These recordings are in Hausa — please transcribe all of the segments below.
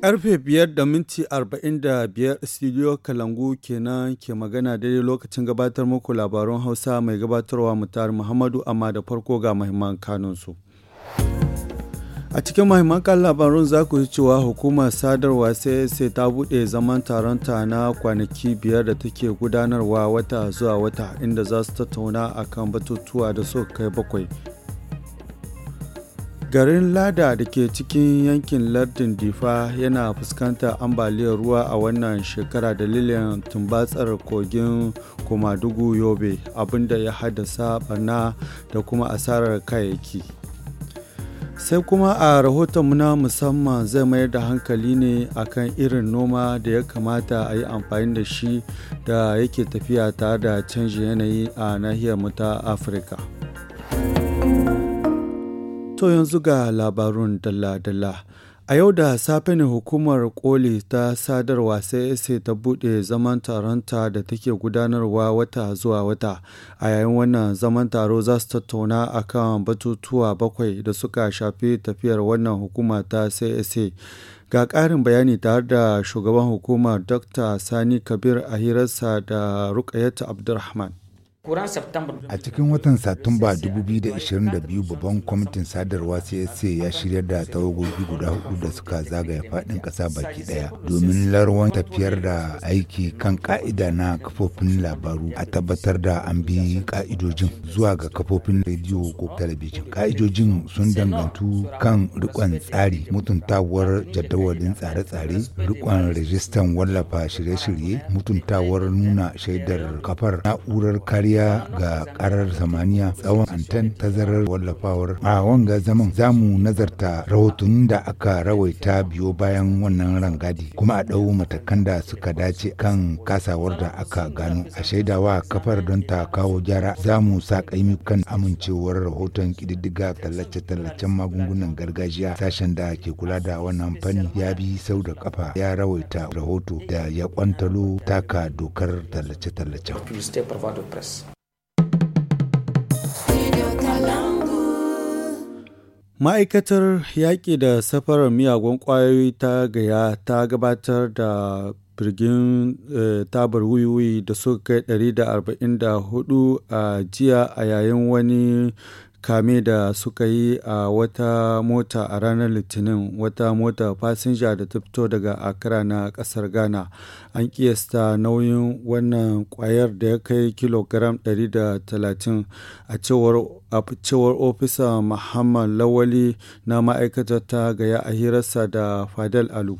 Karfe 5 da minti 45 Studio Kalangu kenan ke magana daidai lokacin gabatar muku labarun Hausa mai gabatarwa mutar Muhammadu amma da farko ga mahimman kanunsu. A cikin mahimman kan labarun za ku ji cewa hukumar sadarwa sai ta buɗe zaman taronta na kwanaki biyar da take gudanarwa wata zuwa wata inda za su tattauna a kan batutuwa da suka kai bakwai. Garin Lada da ke cikin yankin lardin Difa yana fuskantar ambaliyar ruwa a wannan shekara dalilin tumbatsar kogin Komadugu Yobe abinda ya haddasa barna da kuma asarar kayayyaki. sai kuma a rahotonmu na musamman zai mayar da hankali ne akan irin noma da ya kamata a yi amfani da shi da yake tafiya tare da canji yanayi a nahiyar mu ta afirka to yanzu ga labarun dalla-dalla A yau da safe ne Hukumar Koli ta Sadarwa CSA ta buɗe zaman taronta da take gudanarwa wata zuwa wata. A yayin wannan zaman taro za su tattauna akan batutuwa bakwai da suka shafi tafiyar wannan hukuma ta CSA. Ga ƙarin bayani tare da shugaban hukumar Dr. Sani Kabir a hirarsa da Rukayat Abdurrahman. A cikin watan Satumba 2022 babban kwamitin sadarwa CSC ya shirya da tawagogi guda hudu da suka zagaya fadin ƙasa baki ɗaya domin larwan tafiyar da aiki kan ƙa'ida na kafofin labaru a tabbatar da an bi ƙa'idojin zuwa ga kafofin rediyo ko talabijin. Ƙa'idojin sun dangantu kan rikon tsari mutuntawar jadawalin tsare-tsare, rikon rijistan wallafa shirye-shirye, mutuntawar nuna shaidar kafar na'urar kare kariya ga karar samaniya tsawon anten tazarar wallafawar a wanga zaman zamu nazarta rahoton da aka rawaita biyo bayan wannan rangadi kuma a ɗau matakan da suka dace kan kasawar da aka gano a shaidawa kafar don ta kawo gyara zamu sa kaimi kan amincewar rahoton kididdiga tallace-tallacen magungunan gargajiya sashen da ke kula da wannan fanni ya bi sau da kafa ya rawaita rahoto da ya kwantalo taka dokar tallace-tallacen. Ma'aikatar Yaƙi da Safarar Miyagun Ƙwayoyi ta Gaya ta gabatar da birgin eh, tabar wuyuwi da suka kai 144 a jiya a yayin wani kame da suka yi a wata mota a ranar litinin wata mota fasinja da ta fito daga akara na kasar ghana an kiyasta nauyin wannan kwayar da ya kai kilogram 130 a cewar ofisa muhammad lawali na ma'aikatar ta gaya a hirarsa da fadel alu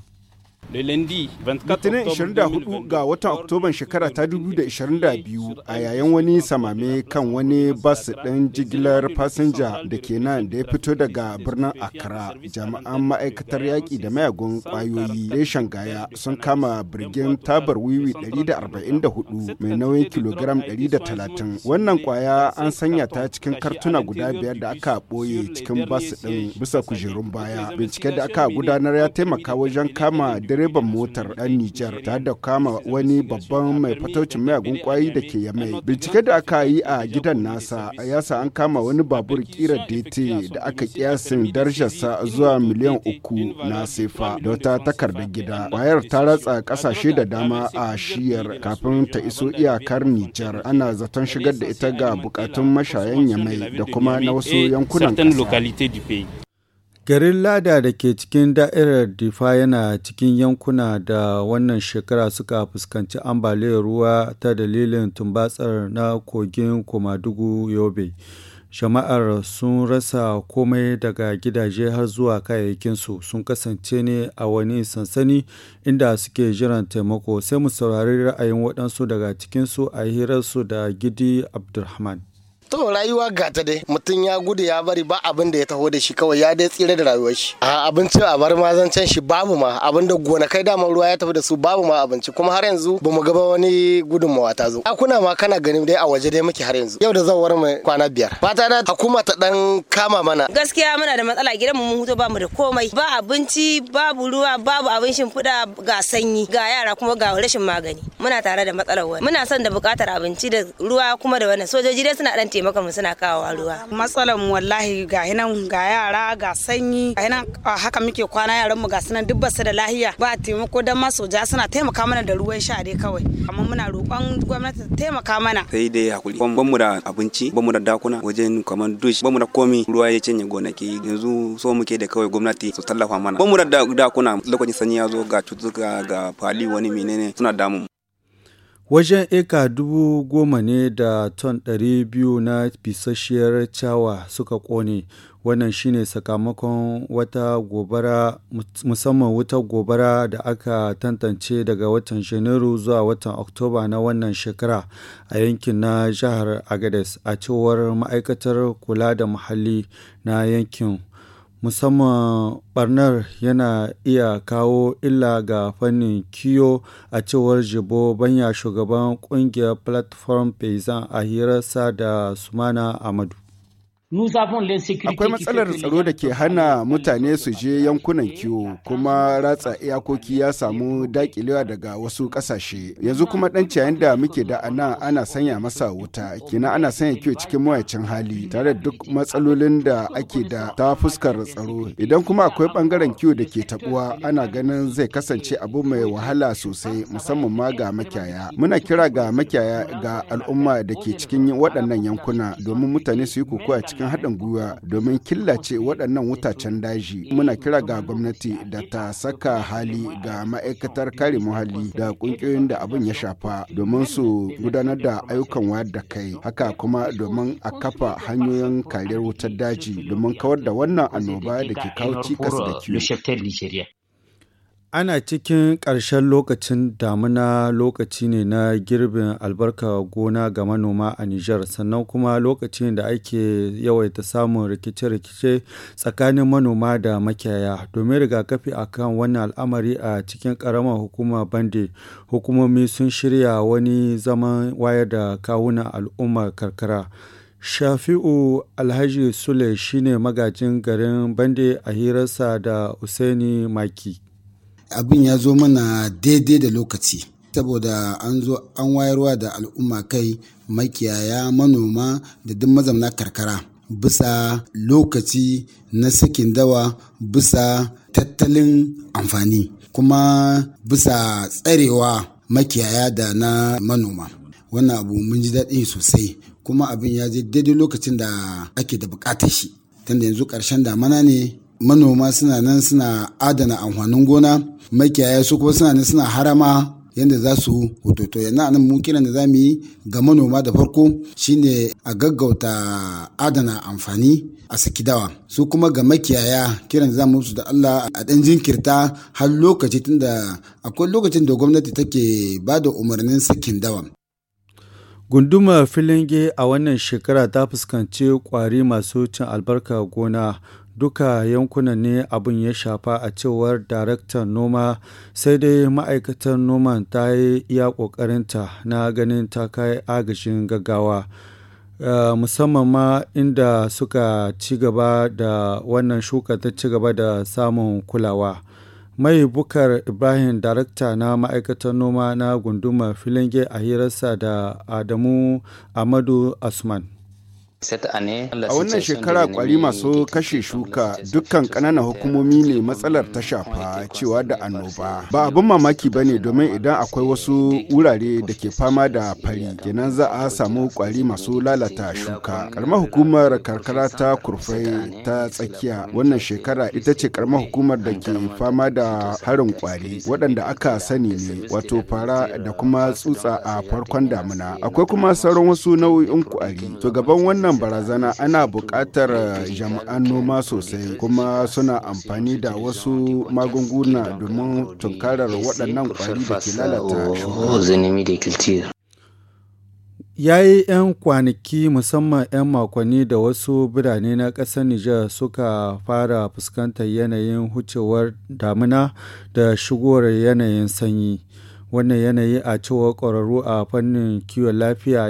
Litinin 24 ga watan Oktoban shekara ta 2022 a yayin wani samame kan wani bas ɗin jigilar fasinja da ke nan da ya fito daga birnin Accra. Jami'an ma'aikatar yaƙi da mayagun ƙwayoyi reshen gaya sun kama birgin tabar wiwi 144 mai nauyin kilogram 130. Wannan ƙwaya an sanya ta cikin kartuna guda biyar da aka ɓoye cikin bas ɗin bisa kujerun baya. Bincike da aka gudanar ya taimaka wajen kama dare direban motar dan Nijar ta da kama wani babban mai fataucin mayagun kwayi da ke Yamai. Bincike da aka yi a gidan nasa ya sa an kama wani babur kira DT da aka kiyasin darajarsa zuwa miliyan uku na sefa da wata takardar gida. Kwayar ta ratsa kasashe da dama a shiyar kafin ta iso iyakar Nijar ana zaton shigar da ita ga bukatun mashayan Yamai da kuma na wasu yankunan Garin Lada da ke cikin da'irar Difa yana cikin yankuna da wannan shekara suka fuskanci ambaliyar ruwa ta dalilin tumbatsar na kogin Komadugu Yobe. Jama'ar sun rasa komai daga gidaje har zuwa kayayyakinsu sun kasance ne a wani sansani inda suke jiran taimako sai mu saurari ra'ayin waɗansu daga cikinsu a hirarsu da Gidi Abdulrahman. to rayuwa gata dai mutum ya gudu ya bari ba abin da ya taho da shi kawai ya dai tsira da rayuwar shi a abinci a bar mazancan shi babu ma abin da gonakai dama ruwa ya tafi da su babu ma abinci kuma har yanzu ba mu gaba wani gudunmawa ta zo a kuna ma kana ganin dai a waje dai muke har yanzu yau da zan war mu kwana biyar fata na hukuma ta dan kama mana gaskiya muna da matsala gidan mu mun huto ba mu da komai ba abinci babu ruwa babu abin shimfiɗa ga sanyi ga yara kuma ga rashin magani muna tare da matsalar wani muna son da buƙatar abinci da ruwa kuma da wannan sojoji dai suna dan maka mu suna kawo ruwa matsalar mu wallahi ga hinan ga yara ga sanyi ga hinan haka muke kwana yaran mu ga sunan duk basu da lahiya ba taimako dan masoja suna taimaka mana da ruwan sha dai kawai amma muna roƙon gwamnati ta taimaka mana sai dai hakuri ban mu da abinci ban mu da dakuna wajen kamar dush ban mu da komi ruwa ya cinye gonaki yanzu so muke da kawai gwamnati su tallafa mana ban mu da dakuna lokacin sanyi ya zo ga cutuka ga fali wani menene suna damu Wajen eka dubu goma ne da ton ɗari biyu na bisasshiyar cawa suka ƙone. Wannan shine sakamakon wata gobara musamman wutar gobara da aka tantance daga watan Janairu zuwa watan Oktoba na wannan shekara a yankin na jihar Agades a cewar ma'aikatar kula da muhalli na yankin. musamman barnar yana iya kawo illa ga fannin kiyo a cewar jibo banya shugaban kungiyar platform paysan a hirarsa da sumana amadu Akwai matsalar tsaro da ke hana mutane su je yankunan kiwo kuma ratsa iyakoki ya samu dakilewa daga wasu kasashe. Yanzu kuma ɗan ciyayin da muke da ana ana sanya masa wuta, kina ana sanya kiwo cikin mawacin hali tare da duk matsalolin da ake da ta fuskar tsaro. Idan kuma akwai bangaren kiwo da ke tabuwa ana ganin zai kasance abu mai wahala sosai musamman ma ga makiyaya. Muna kira ga makiyaya ga al'umma da ke cikin waɗannan yankuna domin mutane su yi kokowa cikin cikin haɗin gwiwa domin killace waɗannan wutacen daji. Muna kira ga gwamnati da ta saka hali ga ma'aikatar kare muhalli da ƙungiyoyin da abin ya shafa domin su gudanar da ayyukan wayar da kai. Haka kuma domin a kafa hanyoyin kariyar wutar daji domin kawar da wannan annoba da ke kawo cikas da kiwo. Ana cikin ƙarshen lokacin damuna lokaci ne na girbin albarka gona ga manoma a Nijar sannan kuma lokacin da ake yawaita samun rikice-rikice tsakanin manoma da makiyaya domin rigakafi a kan wannan al'amari a cikin ƙaramar hukuma bande hukumomi sun shirya wani zaman wayar da kawunan al'ummar karkara. Shafi'u Alhaji Sule shine magajin garin Bande a hirarsa da Usaini Maki. abin ya zo mana daidai da lokaci saboda an zo an wayarwa da al'umma kai makiyaya manoma da duk mazamna karkara bisa lokaci na sakin dawa bisa tattalin amfani kuma bisa tsarewa makiyaya da na manoma wannan abu mun ji daɗi sosai kuma abin ya je daidai lokacin da ake da buƙatar shi tunda yanzu ƙarshen damana ne manoma suna nan suna adana amfanin gona makiyaya su kuma suna suna harama yadda za su hutoto yana anan mu kiran da za mu yi ga manoma da farko shine a gaggauta adana amfani a saki dawa su kuma ga makiyaya kiran da za mu su da Allah a dan jinkirta har lokaci tunda akwai lokacin da gwamnati take ba da umarnin sakin dawa Gundumar Filinge a wannan shekara ta fuskanci kwari masu cin albarka gona duka yankunan ne abin ya shafa a cewar daraktan noma sai dai ma'aikatar noman ta yi iya ƙoƙarinta na ganin ta kai agashin gaggawa Uh, musamman ma inda suka ci gaba da wannan shuka ta ci gaba da samun kulawa mai bukar ibrahim darakta na ma'aikatar noma na gunduma filange a hirarsa da adamu amadu asman A wannan shekara kwari masu kashe shuka dukkan ƙananan hukumomi ne matsalar ta shafa cewa da annoba. Ba abin mamaki ba ne domin idan akwai wasu wurare da ke fama da fari kenan za a samu kwari masu lalata shuka. Karamar hukumar karkara ta kurfai ta tsakiya wannan shekara ita ce karma hukumar da ke fama da harin kwari waɗanda aka sani ne wato fara da kuma tsutsa a farkon damina. Akwai kuma sauran wasu nau'in kwari. To gaban wannan wannan barazana ana buƙatar eh, jama'an noma sosai kuma suna amfani da wasu magunguna domin tunkarar waɗannan ƙwari da ke lalata ya yi 'yan kwanaki musamman 'yan makonni da wasu birane na ƙasar Nijar suka fara fuskantar yanayin hucewar damina da shigowar yanayin sanyi. wannan yanayi a cewar ƙwararru a fannin kiwon lafiya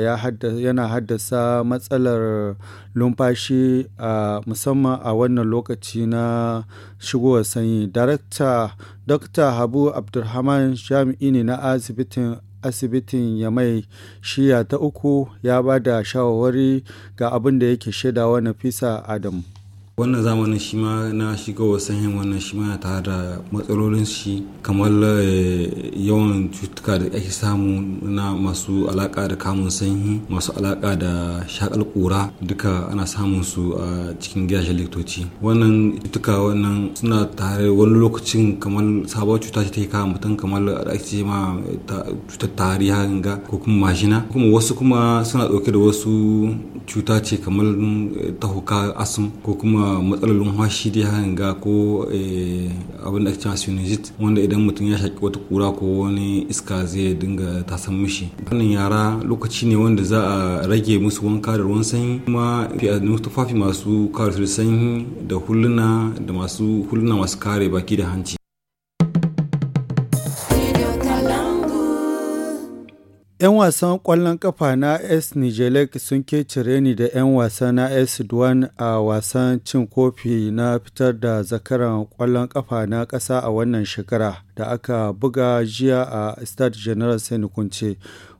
yana haddasa matsalar numfashi a musamman a wannan lokaci na shigowar sanyi darakta dr habu abdulhaman jami'i ne na asibitin asibitin yamai shiya ta uku ya ba da shawarwari ga abin da yake shaidawa nafisa adamu wannan zamanin shi ma na wa sahin wannan shi ma na tare da matsalolin shi kamar eh, yawan cutuka da ake samu na masu alaka da kamun sanyi masu alaka da shakal kura duka ana samun su a cikin gidajen likitoci wannan cutuka wannan suna tare wani lokacin kamar sabon cuta ce ta kama mutum kamar da ake ce ma cutar tari hakan ga ko kuma mashina kuma wasu kuma suna dauke da wasu cuta ce kamar ta huka asum ko kuma matsalolin hashi dai hanga ko eh, abin da ake cewa sinusit wanda idan mutum ya shaki wata kura ko wani iska zai dinga tasan mishi wannan yara lokaci ne wanda za a rage musu wanka da ruwan sanyi kuma tufafi masu kare sanyi da huluna da masu huluna masu kare baki da hanci ‘Yan wasan ƙwallon ƙafa na s Nijelek sun kecire ni da ‘yan wasa na s a wasan cin kofi na fitar da zakaran ƙwallon ƙafa na ƙasa a wannan shekara da aka buga jiya a Stade General Sani Kunce.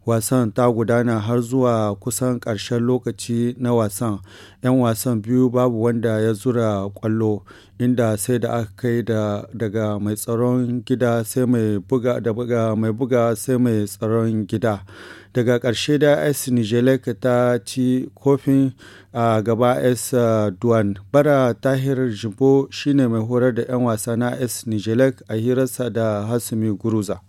wasan ta gudana har zuwa kusan ƙarshen lokaci na wasan 'yan wasan biyu babu wanda ya zura kwallo inda sai da aka kai da daga mai tsaron gida sai mai buga da mai buga sai mai tsaron gida daga ƙarshe da s nijelek ta ci kofin a gaba s duwan bara tahir jimbo shine mai horar da 'yan wasa na s nijelek a hirarsa da hasumi guruza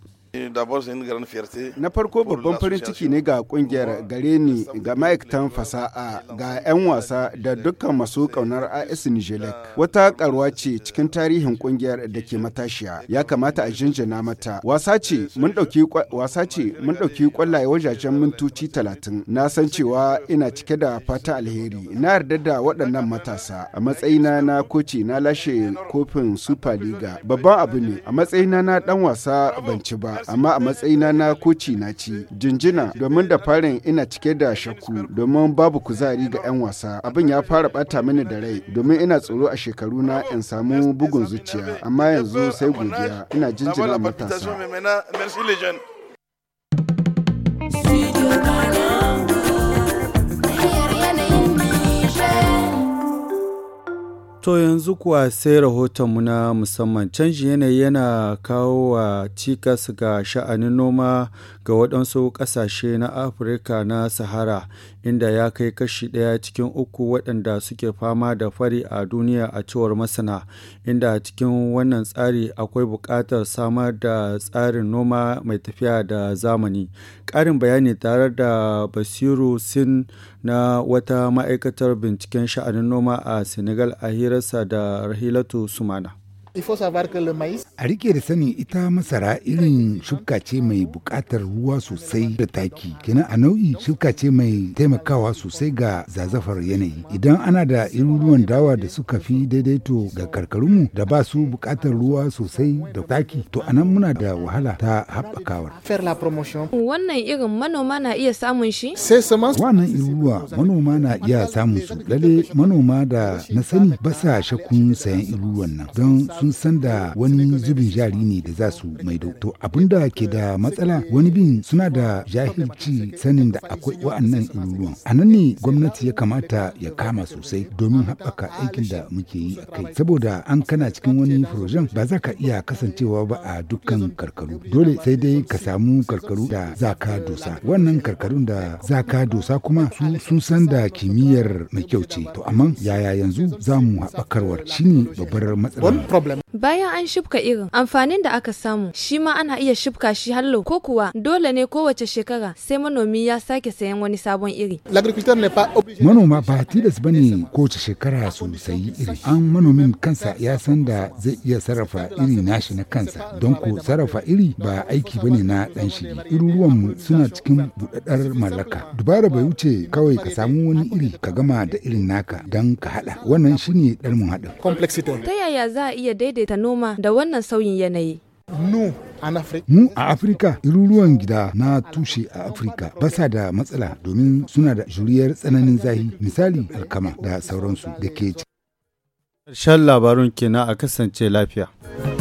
Na farko babban farin ciki ne ga kungiyar gare ni ga ma'aikatan fasa'a ga 'yan wasa da dukkan masu kaunar AS Nijelek. Wata ƙaruwa ce cikin tarihin kungiyar da ke matashiya ya kamata a jinjina mata. Wasa ce mun ɗauki kwallaye wajajen mintoci talatin. Na san cewa ina cike da fata alheri. Na yarda da waɗannan matasa a matsayina na koci na lashe kofin Super Liga. Babban abu ne a matsayina na ɗan wasa ban ci ba. amma a matsayina na koci na ci jinjina domin da farin ina cike da shakku domin babu kuzari ga 'yan wasa abin ya fara bata mini da rai domin ina tsoro a shekaru na in samu bugun zuciya amma yanzu sai godiya ina jinjina matasa. To yanzu kuwa sai rahotonmu na musamman canji yanayi yana kawo wa cikas ga sha'anin noma ga waɗansu ƙasashe na Afirka na Sahara inda ya kai kashi ɗaya cikin uku waɗanda suke fama da fari a duniya a cewar masana inda cikin wannan tsari akwai buƙatar samar da tsarin noma mai tafiya da zamani. Ƙarin bayani tare da Basiru Sin na wata ma'aikatar binciken sha'anin noma a Senegal a hira hirarsa da Rahilatu Sumana. A rike da sani ita masara irin shuka ce mai bukatar ruwa sosai da taki. Kina a nau'i shuka ce mai taimakawa sosai ga zazafar yanayi. Idan ana da irin dawa da suka fi daidaito ga karkarunmu da ba su buƙatar ruwa sosai da taki, to anan muna da wahala ta haɓakawar. Wannan irin manoma na iya samun shi? Wannan irin ruwa manoma na iya samun su. Lalle manoma da na sani ba sa shakkun sayan irin nan don sun san da wani zubin jari ne da za su maido to abinda ke da matsala wani bin suna da jahilci sanin da akwai wa'annan iruruwan a nan ne gwamnati ya kamata ya kama sosai domin haɓaka aikin da muke yi a kai saboda an kana cikin wani furojen ba za ka iya kasancewa ba a dukkan karkaru dole sai dai ka samu karkaru da za ka dosa wannan karkarun da za ka dosa kuma su sun san da kimiyyar mai kyau ce to amma yaya yanzu za mu haɓakarwar shine babbar matsala. problème Bayan an shibka irin, amfanin da aka samu shi ma ana iya shibka shi hallo ko kuwa dole ne kowace shekara sai manomi ya sake sayan wani sabon iri. Manoma ba tilas ba ne kowace shekara su sayi iri. An manomin kansa ya san da zai iya sarrafa iri nashi na kansa. Don ko sarrafa iri ba aiki ba ne na ɗan iruruwan Iruruwanmu suna cikin buɗaɗɗar mallaka. Dubara bai wuce kawai ka samu wani iri ka gama da irin naka don ka haɗa. Wannan shine ɗan mun haɗin. Ta yaya za a iya daidai daidaita noma da wannan sauyin yanayi? Mu a Afirka, iruruwan gida na tushe a Afirka ba sa da matsala domin suna da juriyar tsananin zahi, misali alkama da sauransu da ke. Shan labarun kenan a kasance lafiya.